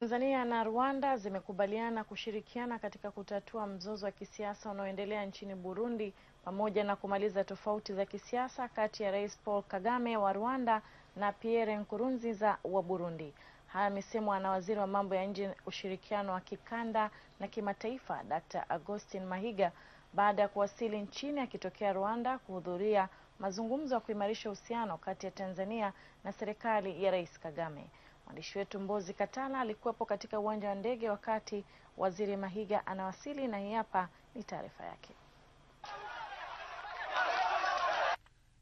Tanzania na Rwanda zimekubaliana kushirikiana katika kutatua mzozo wa kisiasa unaoendelea nchini Burundi pamoja na kumaliza tofauti za kisiasa kati ya Rais Paul Kagame wa Rwanda na Pierre Nkurunziza wa Burundi. Haya amesemwa na Waziri wa Mambo ya Nje, ushirikiano wa kikanda na kimataifa, Dr. Augustin Mahiga baada ya kuwasili nchini akitokea Rwanda kuhudhuria mazungumzo ya kuimarisha uhusiano kati ya Tanzania na serikali ya Rais Kagame. Mwandishi wetu Mbozi Katala alikuwepo katika uwanja wa ndege wakati Waziri Mahiga anawasili na hii hapa ni taarifa yake.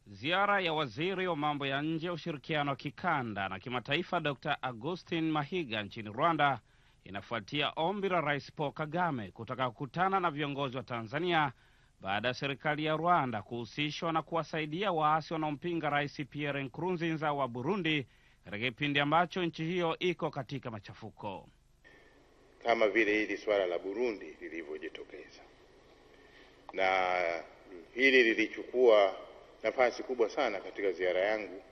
Ziara ya waziri wa mambo ya nje, ushirikiano wa kikanda na kimataifa, Dr Augustin Mahiga nchini Rwanda inafuatia ombi la Rais Paul Kagame kutaka kukutana na viongozi wa Tanzania baada ya serikali ya Rwanda kuhusishwa na kuwasaidia waasi wanaompinga Rais Pierre Nkurunziza wa Burundi katika kipindi ambacho nchi hiyo iko katika machafuko, kama vile hili swala la Burundi lilivyojitokeza, na hili lilichukua nafasi kubwa sana katika ziara yangu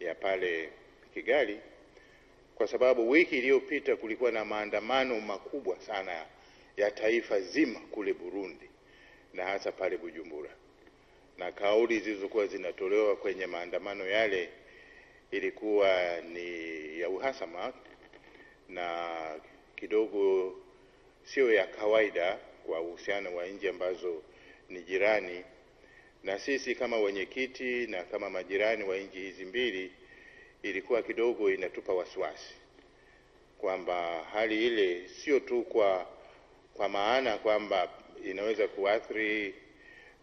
ya pale Kigali, kwa sababu wiki iliyopita kulikuwa na maandamano makubwa sana ya taifa zima kule Burundi na hasa pale Bujumbura, na kauli zilizokuwa zinatolewa kwenye maandamano yale ilikuwa ni ya uhasama na kidogo sio ya kawaida kwa uhusiano wa nchi ambazo ni jirani, na sisi kama wenyekiti na kama majirani wa nchi hizi mbili, ilikuwa kidogo inatupa wasiwasi kwamba hali ile sio tu kwa, kwa maana kwamba inaweza kuathiri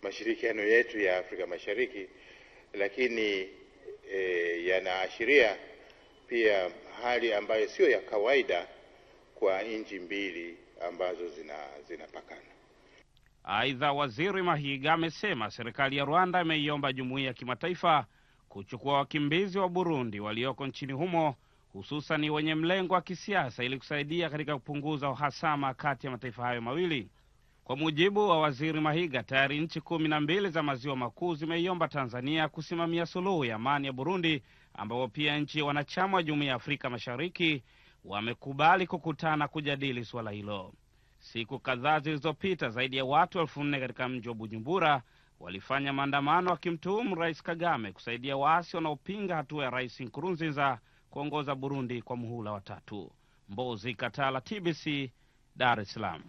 mashirikiano yetu ya Afrika Mashariki lakini e, yanaashiria pia hali ambayo siyo ya kawaida kwa nchi mbili ambazo zinapakana zina. Aidha, Waziri Mahiga amesema serikali ya Rwanda imeiomba jumuiya ya kimataifa kuchukua wakimbizi wa Burundi walioko nchini humo hususan wenye mlengo wa kisiasa ili kusaidia katika kupunguza uhasama kati ya mataifa hayo mawili. Kwa mujibu wa waziri Mahiga, tayari nchi kumi na mbili za maziwa makuu zimeiomba Tanzania kusimamia suluhu ya amani ya Burundi, ambapo pia nchi wanachama wa jumuiya ya Afrika Mashariki wamekubali kukutana kujadili suala hilo. Siku kadhaa zilizopita, zaidi ya watu elfu nne katika mji wa Bujumbura walifanya maandamano wakimtuhumu Rais Kagame kusaidia waasi wanaopinga hatua ya Rais Nkurunziza kuongoza Burundi kwa muhula wa tatu. Mbozi Katala, TBC, Dar es Salaam.